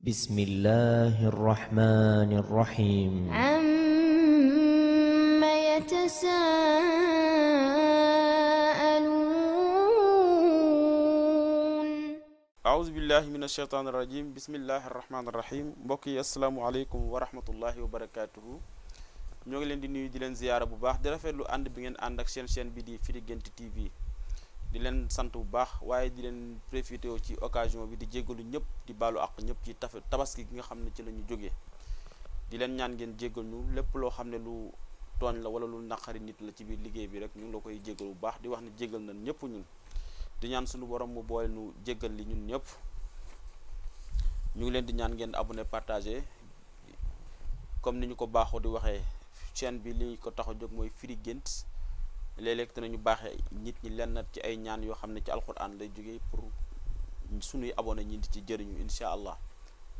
بسم الله الرحمن الرحيم عم يتساءلون أعوذ بالله من الشيطان الرجيم بسم الله الرحمن الرحيم mbokk yi asalaamaaleykum wa rahmatullahi wa barakaatuhu ñoo ngi leen di nuyu di leen ziyaara bu baax di rafetlu ànd bi ngeen ànd ak seen chaîne bi di Firi Guent TV di leen sant bu baax waaye di leen profité ci occasion bi di jéggalu ñëpp di baalu àq ñëpp ci tafe tabaski gi nga xam ne ci la ñu jógee di leen ñaan ngeen jéggal ñu lépp loo xam ne lu tooñ la wala lu naqari nit la ci biir liggéey bi rek ñu ngi la koy jéggal bu baax di wax ne jéggal na ñëpp ñun di ñaan suñu borom mu boole nu jéggal li ñun ñëpp ñu ngi leen di ñaan ngeen abonné partagé comme ni ñu ko baaxoo di waxee chaîne bi li ko tax a jóg mooy firi gént léeg-léeg danañu baaxee nit ñi lenn ci ay ñaan yoo xam ne ci alquran lay jógee pour sunuy abonné ñi di ci jëriñu incha allah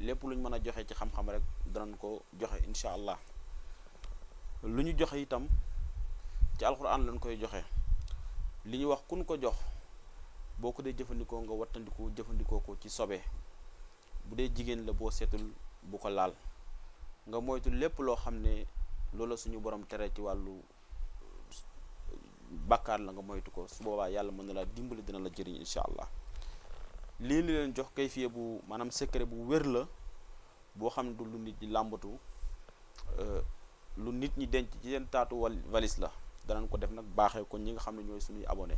lépp luñ mën a joxe ci xam-xam rek danañ ko joxe incha allah lu ñu joxe itam ci alquran lañ koy joxe li ñuy wax kun ko jox boo ko dee jëfandikoo nga wattandiku jëfandikoo ko ci sobe bu dee jigéen la boo seetul bu ko laal nga moytu lépp loo xam ne loola suñu borom tere ci wàllu bàkkaar la nga moytu ko su boobaa yàlla mën na laa dimbali dina la jëriñ incha allah lii li leen jox kay bu maanaam secret bu wér la boo xam ne du lu nit ñi làmbatu euh, lu nit ñi denc ci taatu wal valise la danañ ko def nag baaxee ko ñi nga xam ne ñooy suñuy abonné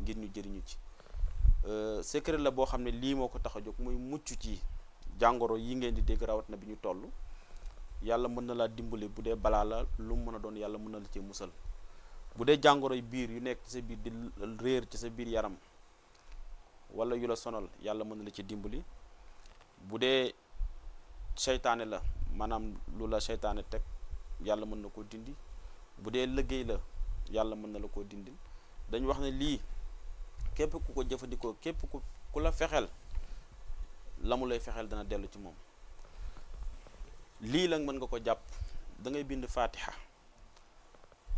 ngir ñu jëriñu ci euh, secret la boo xam ne lii moo ko tax a jóg muy mucc ci jàngoro yi ngeen di dégg rawat na bi ñu toll yàlla mën na laa dimbali bu dee balaa la lu mu mën a doon yàlla mën na la cee musal bu dee jàngoroy biir yu nekk ci sa biir di réer ci sa biir yaram walla yu la sonal yàlla mën na la ci dimbali bu dee seytaane la maanaam lu la seytaane teg yàlla mën na koo dindi bu dee liggéey la yàlla mën na la koo dindi dañu wax ne lii képp ku ko jëfandikoo képp ku ku la fexeel la mu lay fexeel dana dellu ci moom lii la mën nga koo jàpp dangay bind faatiha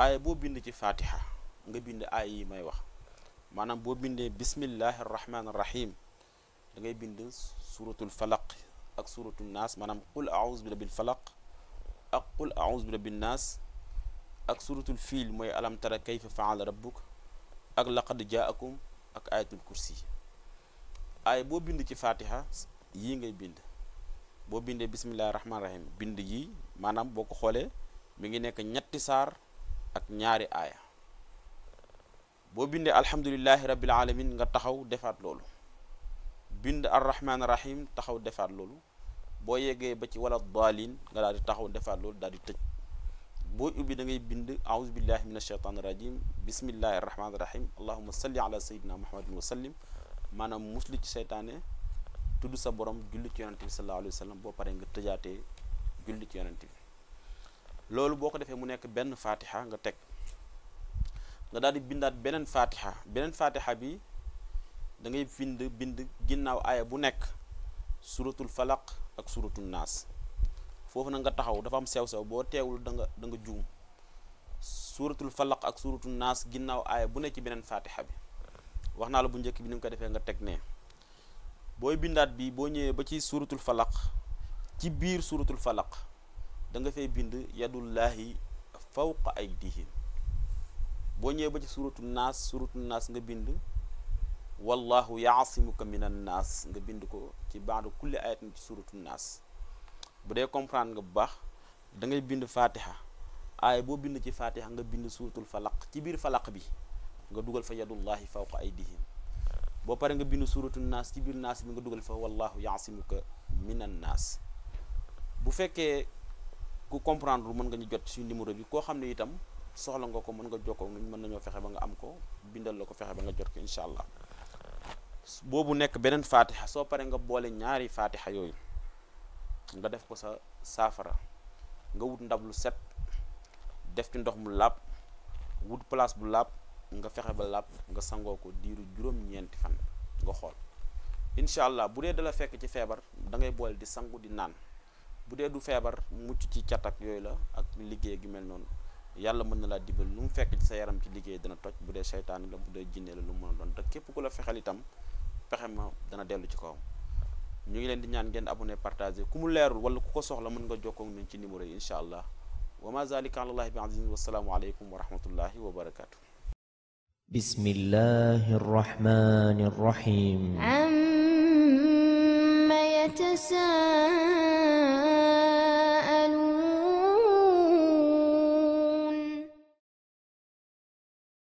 aaya boo bind ci fatiha nga bind aaya yi may wax maanaam boo bindee bismillahi rahmaani rahim da bind suratul falaq ak suratul naas maanaam qul aouzu bi rabbil falaq ak qul aouzu bi rabbin naas ak suratul fiil ak laqad ak aaya boo bind ci fatiha yi ngay bind boo bindee bismillahi rahmaani rahim bind yii maanaam boo ko xoolee mu ngi nekk ñetti saar ak ñaari aaya boo bindee alhamdulillahi rabbil alamin nga taxaw defaat loolu bind arrahman rahim taxaw defaat loolu boo yeggee ba ci wala daalin nga daal di taxaw defaat loolu daal di tëj boo ubbi da ngay bind aouzu billahi min ashaitan rajim bismillahi arrahmani rahim allahuma salli ala sayidina muhammadin wa sallim maanaam musli ci seytaane tudd sa borom julli ci yonente bi sallallahu alayhi wa sallam boo paree nga tëjaatee julli ci yonente loolu boo ko defee mu nekk benn fatiha nga teg nga daal di bindaat beneen fatiha beneen fatiha bi dangay ngay bind bind ginnaaw aaya bu nekk suratul falaq ak suratul naas foofu nag nga taxaw dafa am sew-sew boo teewul da nga da nga juum ak suratul naas ginnaaw aaya bu nekk ci beneen fatiha bi wax naa la bu njëkk bi ni nga ko defee nga teg ne booy bindaat bi boo ñëwee ba ci suratul falaq ci biir suratul falaq da nga fay bind yadullahi fawqa aydihim boo ñëwee ba ci suratu naas suratu naas nga bind wallahu yaasimuka min an naas nga bind ko ci baadu kulli ayatin naas bu dee bu baax da bind fatiha aaya boo bind ci fatiha nga bind suratul falaq ci biir falaq bi nga dugal fa yadullahi fawqa aydihim boo pare nga bind suratu naas ci biir naas bi nga dugal fa wallahu yaasimuka min an naas bu fekkee ku comprendre mën nga ñu jot ci numéro bi koo xam ne itam soxla nga ko mën nga jokkoo nuñ mën nañoo fexe ba nga am ko bindal la ko fexe ba nga jot ko incha allah boobu nekk beneen faatixa soo paree nga boole ñaari faatixa yooyu nga def ko sa saafara nga wut ndab lu set def ci ndox mu làpp wut place bu làpp nga fexe ba làpp nga sangoo ko diiru juróom-ñeenti nga xool incha allah bu dee dala fekk ci feebar da ngay boole di sangu di naan bu dee du feebar mucc ci cat ak yooyu la ak liggéey gi mel noonu yàlla mën na laa dibal lu mu fekk ci sa yaram ci liggéey dana toj bu dee seytaane la bu dee jinne la lu mu mën a doon te képp ku la fexel itam pexe ma dana dellu ci kawam ñu ngi leen di ñaan ngeen abonné partagé ku mu leerul wala ku ko soxla mën nga jokkoo ak ñun ci numéro yi incha allah wa ma zalika wa allahi bi aziz wasalaamu aleykum wa rahmatullahi wa barakatu bismillahi arrahmani arrahim amma